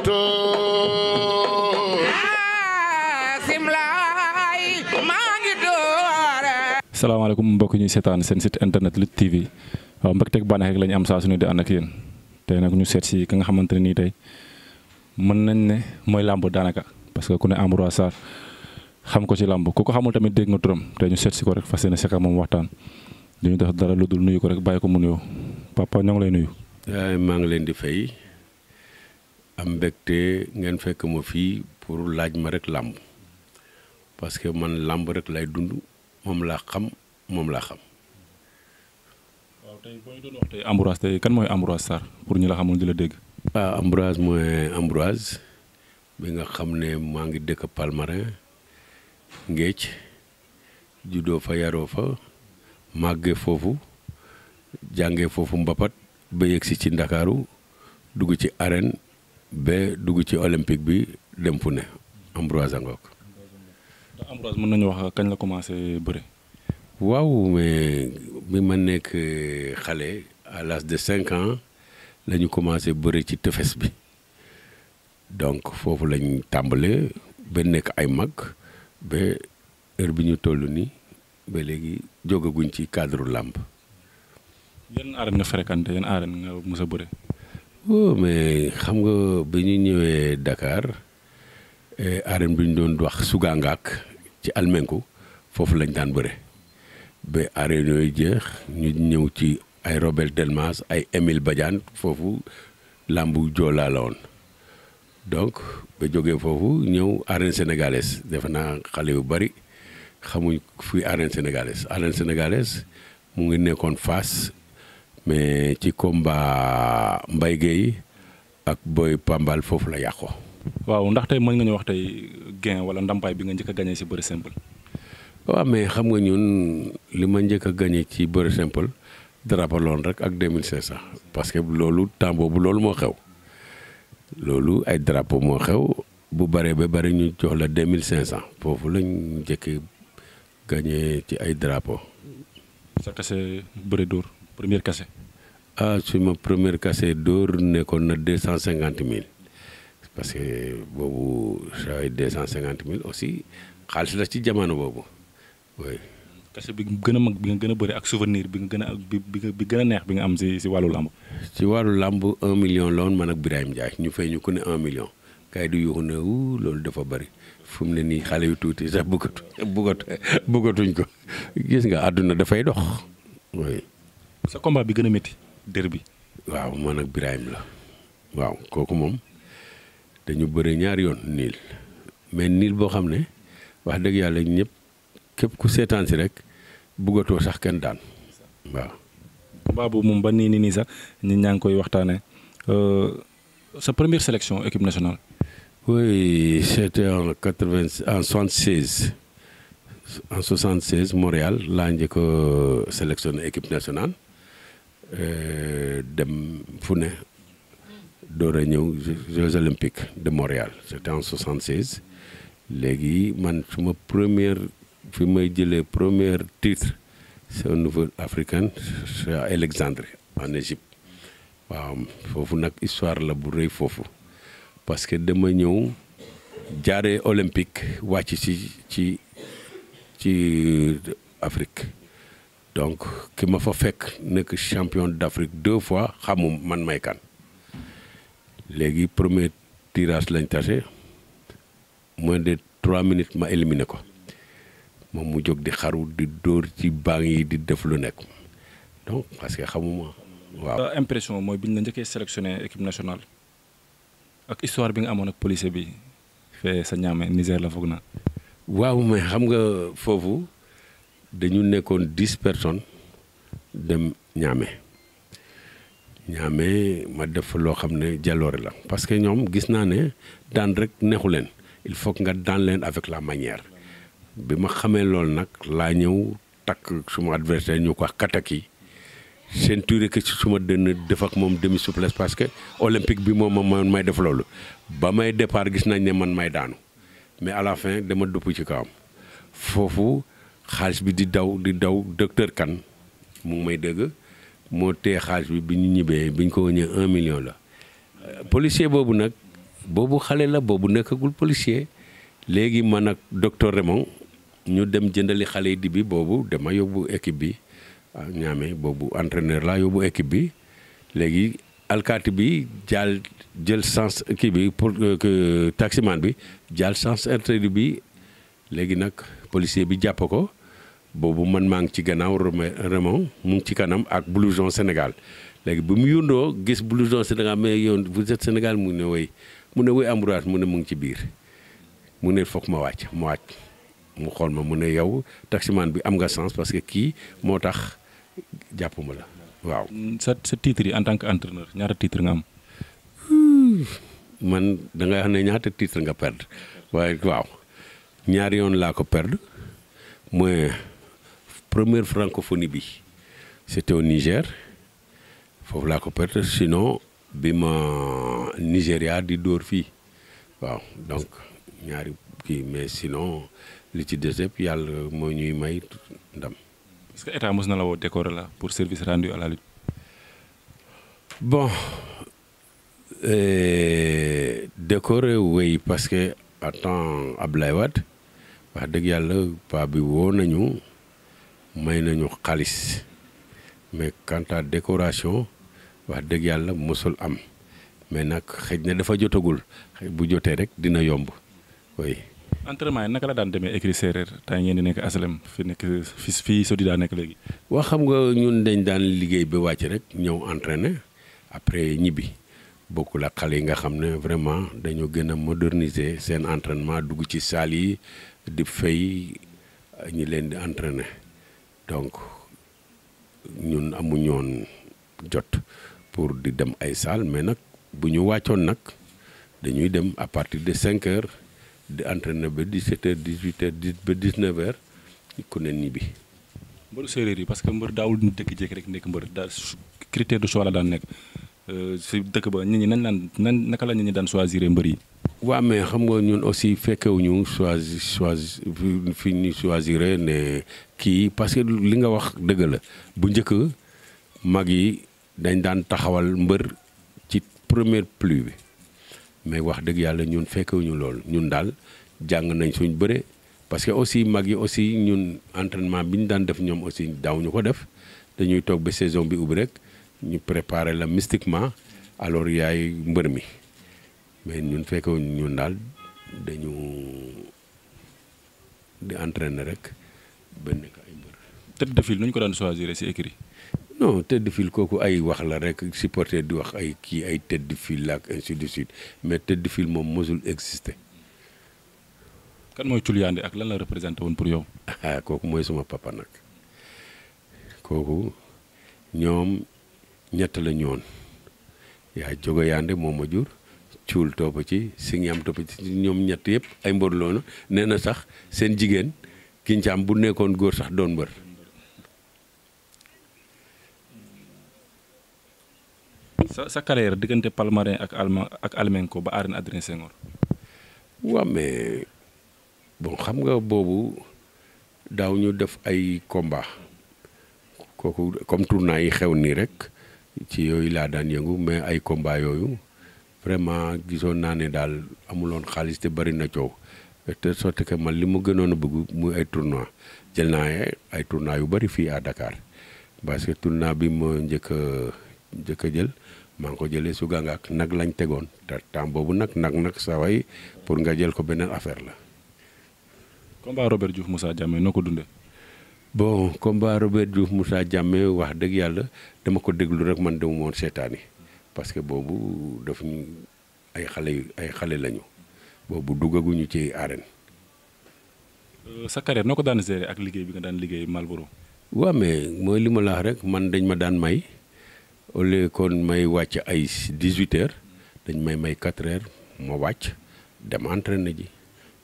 Ah, door salaamaaleykum mbokk ñuy seetaan seen site internet Lutte TV waaw mbokk teg bànneex rek la am saa su ne di ànd ak nag ñu seet si ki nga xamante ne nii tey mën nañ ne mooy làmb daanaka parce que ku ne Ambroise Sarr xam ko ci làmb ku ko xamul tamit dégg nga turam tey ñu seet si ko rek fas yéene seq moom waxtaan du ñu def dara lu dul nuyu ko rek bàyyi ko mu nuyoo papa ñoo ngi lay nuyu. maa ngi leen di fay. am mbégte ngeen fekk ma fii pour laaj ma rek que man làmb lay dund moom laa moom laa xam. waaw tey Ambroise kan mooy Ambroise pour ñu la xamul di la dégg. ah Ambroise bi nga xam ne maa ngi dëkk Palmarin Ngéej juddoo fa yaroo fa màggee foofu jàngee foofu mbapat ba si ci Ndakaaru dugg ci arène. ba dugg ci olympique bi dem fu ne Ambroise Ngok. Ambroise mën nañu wax kañ la commencé bëre. waaw mais bi ma nekk euh, xale à l'âge de cinq ans la ñu commencé bëre ci tefes bi donc foofu lañ tàmbalee ba nekk ay mag ba heure bi ñu toll nii ba léegi jógaguñ ci cadre làmp yan arène nga fréquenté yan arène nga mës bëre. Oh, mais xam nga bi ñu ñëwee Dakar e, arène bi ñu doon wax sugangaak ci almenku foofu lañ daan bëre ba arène yooyu jeex ñu ñëw ci ay Robert Delmas ay Émile Badiane foofu làmbu joolaa la donc ba jógee foofu ñëw arène sénégalaise defe naa xale yu bari xamuñ fi arène sénégalaise arène sénégalaise mu ngi nekkoon face mais ci combat mbay Guèye ak booy Pambal foofu la yàqoo. waaw ndaxte mën nga ñu wax tey gain wala ndampaay bi nga njëkk a gagné si bëri simple. waaw mais xam nga ñun li ma njëkk a gagné ci bëri simple drapaloon rek ak 2500 parce que loolu temps bu loolu moo xew loolu ay drapo moo xew bu bëree ba bëri ñu jox la 2500 foofu lañ njëkk a gagné ci ay drapo sa bëri dóor. première kase. ah suma première kase dóor nekkoon na deux cent cinquante mille parce que boobu saa yu deux cent mille aussi xaalis la ci jamono boobu oui. kase bi gën a mag bi nga gën a bëri ak souvenir bi nga gën a gën a neex bi nga am si si wàllu làmb. ci wàllu làmb un million la woon man ak Birahim Ndiaye ñu fay ñu ku ne un million kay du yuuxu ne wuu loolu dafa bëri fu mu ne nii xale yu tuuti sax bëggatu bëggatu bëggatuñ ko gis nga àdduna dafay dox sa combat bi gën a métti dër bi. waaw man ak Birahim la waaw kooku moom dañu bëre ñaari yoon niil mais niil boo xam ne wax dëgg yàlla ñëpp képp ku seetaan si rek bëggatoo sax kenn daan waaw. combat boobu moom ba nii nii nii sax ñi ñaa ngi koy waxtaanee euh, sa première sélection équipe nationale. oui c'était en en soixante seize en soixante seize Montréal laa njëkk a équipe nationale. Euh, dem fune ne door a ñëw Jeux olympiques de Montréal c'était en léegi man suma première fi may jëlee première titre c'est un nouveau africain c'est à en Égypte foofu nag histoire la bu rëy foofu parce que dama ñëw jaare olympique wàcc ci ci ci Afrique donc ki ma fa fekk nekk champion d'Afrique deux fois xamum man may kan léegi premier tirage lañ tase moins de trois minutes ma éliminé ko moom mu jóg di xaru di dóor ci bang yi di def lu nekk donc parce que xamuma waaw. Euh, impression mooy bi ñu la njëkkee sélectionné équipe nationale ak histoire bi nga amoon ak policier bi fee sa ñaame Niger la foog naa. waaw mais xam nga foofu. dañu nekkoon dix personnes dem ñaame ñaame ma def loo xam ne jaloore la parce que ñoom gis naa ne daan rek neexu leen il faut nga daan leen avec la manière bi ma xamee loolu nag laa ñëw takk suma adversaire ñu ko wax kataki ceinture que ci suma dënn def ak moom demi souplesse parce que olympique bi moom moom may def loolu ba may départ gis nañ ne man may daanu mais à la fin dama dupp ci kawam foofu. xaalis bi di daw di daw docteur kan mu ngi may dëgg moo tee xaalis bi bi ñu ñibbee bi ñu ko wëñee un million la euh, policier boobu nag boobu xale la boobu nekkagul policier léegi man ak docteur Raymond ñu dem jëndali xale yi di bi boobu dema yóbbu équipe bi ñaame ah, boobu entraîneur laa yóbbu équipe bi léegi alkaati bi jaal jël sens kii bi pour euh, que taximan bi jaal sens interdit bi léegi nag policier bi jàpp ko boobu man maa ngi ci gannaaw Raymond mu ngi ci kanam ak blouson Sénégal léegi bi mu yundoo gis blouson Sénégal mais yow vous êtes Sénégal mu ne woy mu ne woy Ambroise mu ne mu ngi ci biir mu ne foog ma wàcc ma wàcc mu xool ma mu ne yow taximaan bi am nga sens parce que kii moo tax jàppuma la waaw. sa sa titre yi en tant que entraîneur ñaata titre nga am. man da ngay wax ne ñaata titre nga perdre waaye waaw ñaari yoon laa ko perdre mooy. première francophonie bi c'était au Niger foofu laa ko perte sinon bi ma Nigéria di dóor fii waaw donc ñaari kii mais sinon li ci des yàlla moo ñuy may ndam. est na la woo décoré la pour service rendu bon eh, décoré oui parce que à temps Ablaye wax dëgg yàlla paa bi woo nañu. may nañu xaalis mais quant à wax dëgg yàlla mosul am mais nag xëj na dafa jotagul bu jotee rek dina yomb oui. entraînement yi naka la daan demee écrit séeréer tey ngeen di nekk aslem fi nekk fi fii sodi daa nekk léegi. waa xam nga ñun dañ daan liggéey ba wàcc rek ñëw entraîner après ñibbi bokkul ak xale yi nga xam ne vraiment dañoo gën a seen entrenement dugg ci salle yi di fay ñi leen di entraîner. donc ñun amuñoon jot pour di dem ay salle mais nag bu ñu wàccoon nag dañuy dem à partir de cinq heures di entraîner ba dix-sept heures dix-huit heures dix ba dix-neuf heures ku ne ñibbi. mbër séeréer yi parce que mbër daawul ñu dëkk jékki rek nekk mbër daal critère de choix la daan nekk euh, si dëkk ba nit ñi nañ naan nan naka la nit ñi daan choisir mbër yi. waa mais xam nga ñun aussi fekkewuñu choisi choisi fi ñu choisir ne kii parce que li nga wax dëgg la bu njëkk mag yi dañ daan taxawal mbër ci première pluie bi mais wax dëgg yàlla ñun fekkewuñu lool ñun daal jàng nañ suñ bëre parce que aussi mag yi aussi ñun entraînement bi ñu daan def ñoom aussi ñu ko def dañuy toog ba saison bi ubbi rek ñu préparer la mystiquement alors yaay mbër mi mais ñun fekke ñun daal dañu di entraîner rek ba nekk ay mbër. tête de file nu ñu ko daan choisir si écrit. non tête de file kooku ay wax la rek supporter di wax ay kii ay tête de file la ak ainsi de mais tête de file moom mosul exister. kan mooy Culiyaande ak lan la représenté woon pour yow. Ah, kooku mooy sama papa nag kooku ñoom ñett la ñoon yaa jogo yaande moo ma jur. cuul topp ci si ñam topp yëpp ay mbër nee na sax seen jigéen kincaam bu nekkoon góor sax doon mbër sa sa diggante Palmarin ak Alma ak ba arène Adrien Senghor mais xam nga boobu daaw ñu def ay combat kooku comme tournoi yi xew nii rek ci yooyu laa daan yëngu mais ay combat yooyu vraiment gisoon naa ne daal amuloon xaalis te bëri na coow te sotti que man li mu gënoon a bëgg muy ay tournoi jël naa ay tournoi yu bari fii à Dakar parce que tournoi bi ma njëkk a njëkk a jël maa ngi ko jëlee su gàngaak nag lañ tegoon te temps boobu nag nag nag saa waay pour nga jël ko beneen affaire la. combat Robert Diouf Moussa noo ko dundee. bon combat Robert Diouf wax dëgg yàlla dama ko déglu rek man demu moon seetaani parce que boobu daf ñu ay xale ay xale lañu boobu duggaguñu ci arène. Euh, sa carrière noo ko daan gérer ak liggéey bi nga daan liggéey Malboro. waaw amee mooy li ma la rek man dañ ma daan may au lieu kon may wàcc ay dix huit dañ may may quatre heures ma wàcc dem entre na ji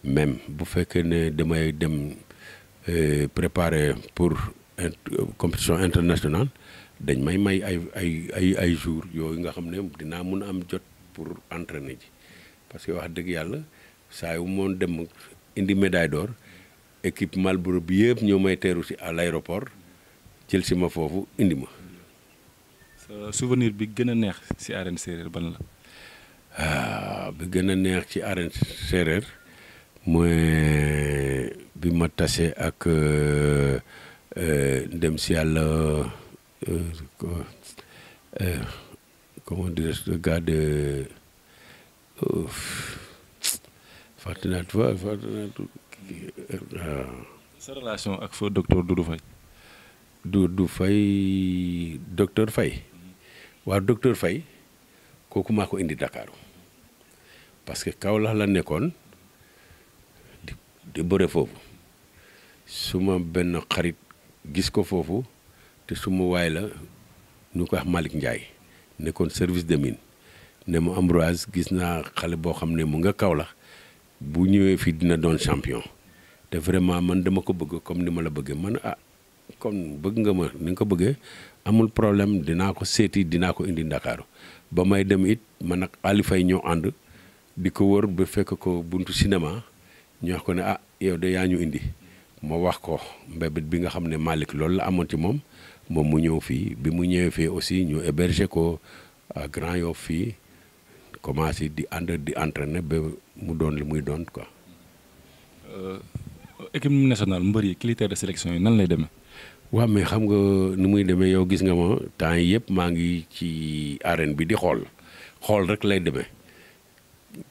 même bu fekkee ne damay dem euh, préparer pour euh, compétition international dañ may may ay ay ay ay jours yooyu nga xam ne dinaa mun a am jot pour entraîner ji parce que wax dëgg yàlla saa yu moon dem indi médaille d'or équipe Malboro bi yëpp ñoo may teeru si à l'aéroport jël si ma foofu indi ma. sa souvenir bi gën a neex si arène séeréer ban la. Ah, bi gën a neex ci arène séeréer mooy ma tase ak ndem euh, euh, si yàlla. Euh, euh, euh, comment dire le gars de fàtte naa tu vois fàtte naa tu sa relation ak fa docteur Doudou Faye. Doudou Faye docteur Faye waaw docteur Faye kooku maa ko indi Dakar parce que Kaolack la nekkoon di di bëre foofu su ma benn xarit gis ko foofu. te suma waay la ñu ko wax Malick Ndiaye nekkoon service de mine ne mu Ambroise gis naa xale boo xam ne mu nga kaw la bu ñëwee fii dina doon champion te vraiment man dama ko bëgg comme ni ma la bëggee man ah kon bëgg nga ma ni nga ko bëggee amul problème dinaa ko seeti dinaa ko indi ndakaaru ba may dem it man ak Ali Faye ñoo ànd di ko wër ba fekk ko buntu cinéma ñu wax ko ne ah yow de yaa ñu indi ma wax ko mbébét bi nga xam ne Malick loolu la amoon ci moom moom mu ñëw fii bi mu ñëwee fii aussi ñu héberger ko à Grand Yoff fii commencé di ànd di entraîner ba mu doon li muy doon quoi. Euh, équipe nationale mbër yi critères de sélection yi nan lay demee. waaw mais xam nga ni muy demee yow gis nga ma temps yi yëpp maa ngi ci arène bi di xool xool rek lay demee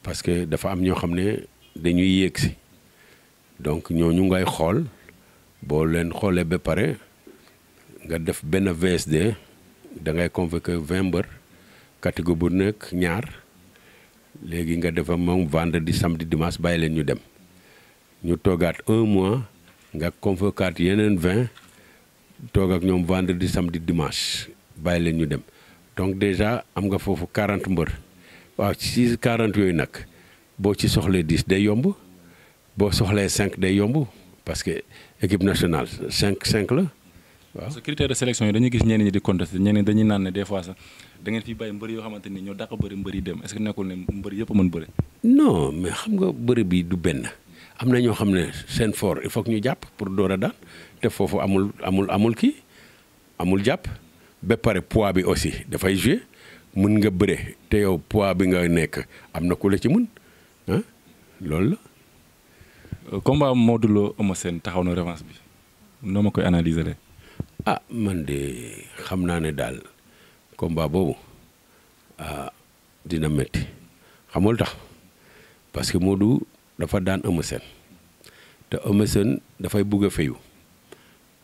parce que dafa am ñoo xam ne dañuy yéeg si donc ñu ngay xool boo leen xoolee ba pare. nga def benn VSD da ngay convoquer vingt mbër catégorie bu nekk ñaar léegi nga defa moom vendredi samedi dimanche bàyyi leen ñu dem ñu toogaat un mois nga convoquaat yeneen vingt toog ak ñoom vendredi samedi dimanche bàyyi leen ñu dem donc déjà am nga foofu quarante mbër waaw ci quarante yooyu nag boo ci soxlee dix day yomb boo soxlee cinq day yomb parce que équipe nationale cinq cinq la parce que critère de sélection yi dañuy gis ñeneen ñi di contesté ñeneen dañuy naan ne des fois sax da ngeen fi bàyyi mbëri yoo xamante ni ñoo dàq bëri mbëri dem est ce que nekkul ne mbëri yëpp a mën bëri. non mais xam nga bëri bii du benn am na ñoo xam ne seen foor il faut que ñu jàpp pour door a daan te foofu amul amul amul kii amul jàpp ba pois bi aussi dafay jouer mun nga bëre te yow pois bi nga nekk am na ku la ci mën ah loolu la. Euh, combat Modou Lo taxaw na revanche bi noo ma koy analyser ah man de xam naa ne daal combat boobu ah dina métti xamul tax parce que du dafa daan Eumeu Sène te Eumeu Sène dafay bugg a fayu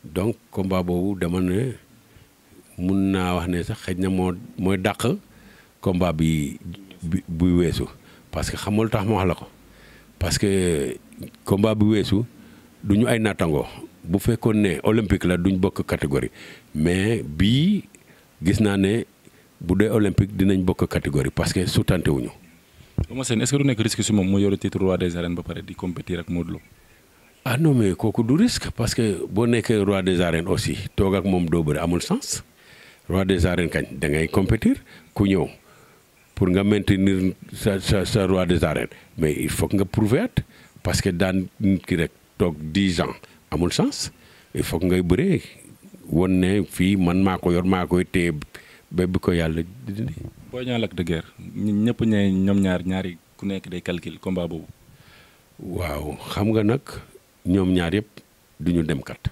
donc combat boobu dama ne mun naa wax ne sax xëj na mooy dàq combat bi bu weesu parce que xamul tax ma wax la ko parce que combat bi weesu du ñu ay nattangoo bu fekkoon ne olympique la duñ bokk catégorie mais bii gis naa ne bu dee olympique dinañ bokk catégorie parce que su tante wuñu. Eumeu Sène est-ce que du nekk risque si moom mu yore titre roi des arènes ba pare di compétir ak Lo. ah non kooku du risque parce que boo nekkee roi des arènes aussi toog ak moom doo bëri amul sens roi des arènes kañ da ngay compétir ku ñëw pour nga maintenir sa sa sa roi des arènes mais il faut nga prouver at parce que daan ki rek toog 10 ans. amul sens il faut ngay bëree won ne fii man maa ko yor maa koy téye ba bi ko yàlla di dindi. Boy Niang Lac de Guiers ñun ñëpp ñee ñoom ñaar ñaari ku nekk day calcul combat boobu. waaw xam nga nag ñoom ñaar yëpp duñu dem kat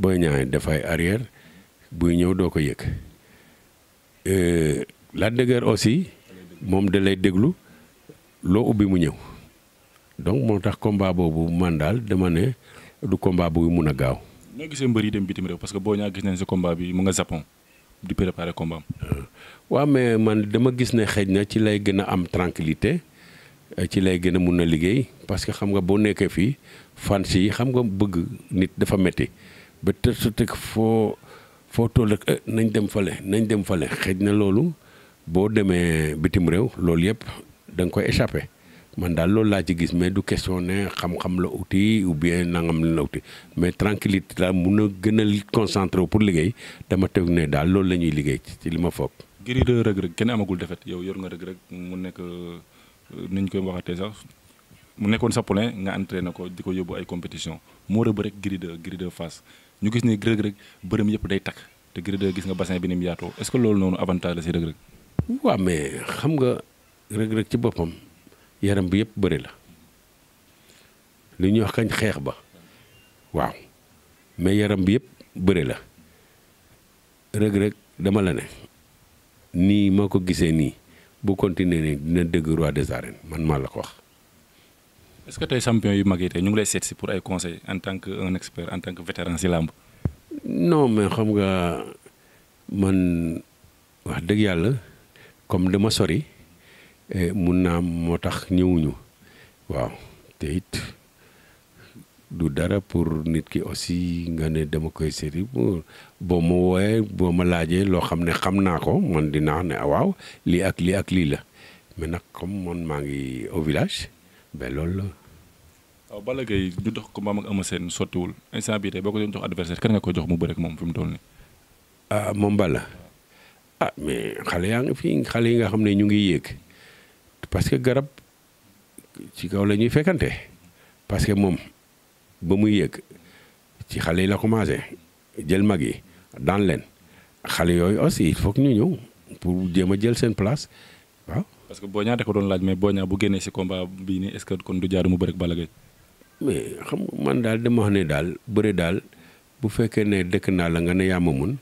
booy Niang dafay arrière buy ñëw doo ko yëg euh, Lac de aussi moom da lay déglu loo ubbi mu ñëw donc moo tax combat boobu man daal dama du combat bu mun a gaaw. noo gisee mbër yi dem bitim réew parce que boo ñaa gis nañ si combat bi mu nga Japon di préparer combat am. Euh, waaw mais man dama gis ne xëj na ci lay gën a am tranquillité euh, ci lay gën a mun na liggéey parce que xam nga boo nekkee fii fan yi xam nga bëgg nit dafa metti ba te su teg foo foo toll euh, nañ dem fale nañ dem fale xëj na loolu boo demee bitim réew loolu yëpp da koy échappé. man daal loolu laa ci gis mais du question ne xam-xam la uti ou bien nangam la uti mais tranquillité daal mu a gën a concentre pour liggéey dama teg ne daal loolu la ñuy liggéey ci li ma foog. Gris 2 Reug Reug kenn amagul defet yow yor nga Reug Reug mu nekk euh, ni ñu koy waxatee sax mu nekkoon sa poulain nga entraîné ko di ko yóbbu ay compétition moo rëbb rek Gris 2 Gris Fass ñu gis ni Reug Reug bërëm yëpp day takk te Gris gis nga bassin bi ni mu yaatoo est-ce que loolu noonu avantage la si Reug mais xam nga Reug ci boppam. yaram bi yëpp bëri la lu ñuy wax kañ xeex ba waaw mais yaram bi yëpp bëri la rëg-rëg dama la ne nii ma ko gisee nii bu continuer nii dina dégg roi des arènes man maa la ko wax. est-ce que tey champion yu mag yi tey ñu ngi lay seet si pour ay conseils en tant que un expert en tant que vétéran si làmb. non mais xam nga man wax dëgg yàlla comme dama sori. Eh, mun naa am moo tax ñëwuñu waaw te du dara pour nit ki aussi nga ne dama koy séri boo ma wooyee boo ma laajee loo xam ne xam naa ko man dinaa ne ah, waaw lii ak lii ak lii la mais nag comme man maa ngi au village ben loolu la. waaw Balla Gaye du dox ko maam ak Ama seen sottiwul instant bii tey boo ko doon jox jox mu bëre moom fi mu toll ah moom Balla ah mais xale yaa ngi fi xale yi nga xam ne ñu ngi yéeg. parce que garab ci kaw la ñuy fekkante parce que moom ba muy yëg ci xale yi la commencé jël mag yi daan leen xale yooyu aussi il ñu ñëw pour jéem a jël seen place waaw. parce que Boña da ko doon laaj mais Boña bu génnee si combat bii nii est ce kon du jaar mu bëri ak Balla mais xam man daal dama wax ne daal bëri daal bu fekkee ne dëkk naa la nga ne yaa ma mun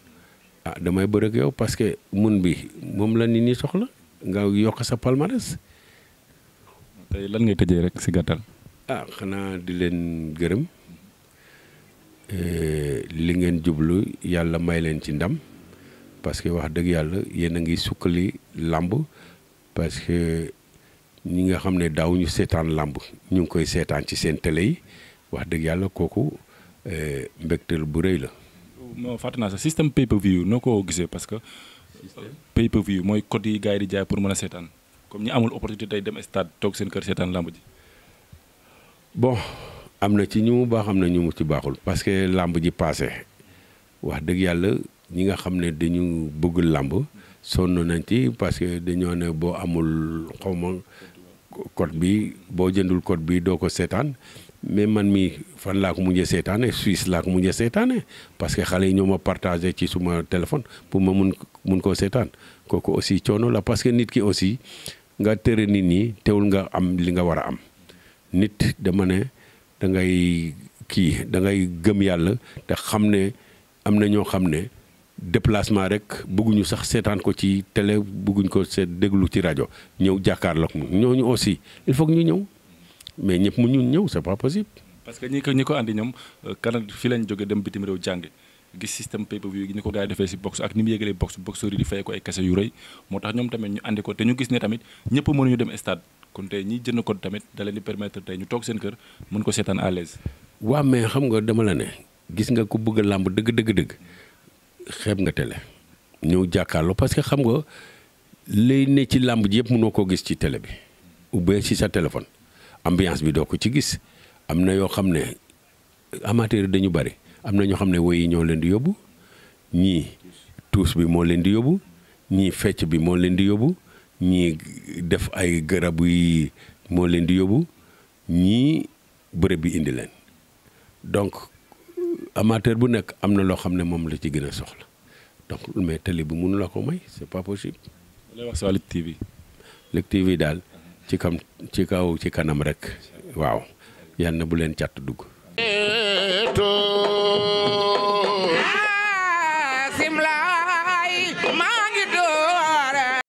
ah damay bëri yow parce que mun bi moom la nit ñi soxla nga yokk sa palmarès. lan ngay tëjee rek si gàttal. ah xanaa di leen gërëm eh, li ngeen jublu yàlla may leen ci ndam parce que wax dëgg yàlla yéen a ngi sukkali làmb parce que ñi nga xam ne daaw ñu seetaan làmb ñu ngi koy seetaan ci seen tele yi wax dëgg yàlla kooku eh, mbégteel bu rëy la. non fàtte naa sax système pay per view noo ko gisee parce que. pay per view mooy code yi gars yi di jaay pour mën a seetaan. comme ñu amul opportunité tey dem stade toog seen kër seetaan làmb ji. bon am na ci ñu mu baax am na ñu mu ci baaxul. parce que làmb ji passé wax dëgg yàlla ñi nga xam ne dañu bëgg làmb sonn nañ ci parce que dañoo ne boo amul xaw ma code bi boo jëndul code bi doo ko seetaan. mais man mi fan laa ko mujjee seetaane Suisse laa ko mujjee seetaane parce que xale yi ñoo ma partagé ci suma téléphone pour ma mun mun koo seetaan kooku aussi coono la parce que nit ki aussi nga tëre nit ñi teewul nga am li nga war a am nit dama ne da ngay kii dangay gëm yàlla te xam ne am na ñoo xam ne déplacement rek bëgguñu sax seetaan ko ci télé bëgguñ ko seet déglu ci rajo ñëw jàkkaarloog ñooñu aussi il faut ñu ñëw mais ñëpp mu ñu ñëw c'est pas possible. parce que ñi ko ñi ko andi ñoom Canada euh, fi lañ jóge dem bitim réew jàngi gis système pay per view gi ni ko gars yi defee si box ak ni mu yëgalee box boxeur yi di fay ko ay yu rëy moo tax ñoom tamit ñu andi ko te ñu gis ne tamit ñëpp mënuñu dem stade kon tey ñiy jënd ko tamit da leen di permettre tey ñu toog seen kër mën ko seetaan à l'aise waaw mais xam nga dama la ne gis nga ko bëgg a làmb dëgg dëgg dëgg xeeb nga tele ñëw jàkkaarloo parce que xam nga lay ne ci làmb ji yëpp mënoo koo gis ci télé bi ubbee si sa téléphone ambiance bi doo ko ci gis am na yoo xam ne amateur dañu bari am na ñoo xam ne woy yi ñoo leen di yóbbu ñii tuus bi moo leen di yóbbu ñii fecc bi moo leen di yóbbu ñii def ay garab yi moo leen di yóbbu ñii bërëb bi indi leen donc amateur bu nekk am na loo xam ne moom la ci gën a soxla donc mais télé bi mënu la ko may c'est pas possible. lay wax sa TV daal ci kam ci kaw ci kanam rek. waaw yal na bu leen càtt dugg. to ah, simlay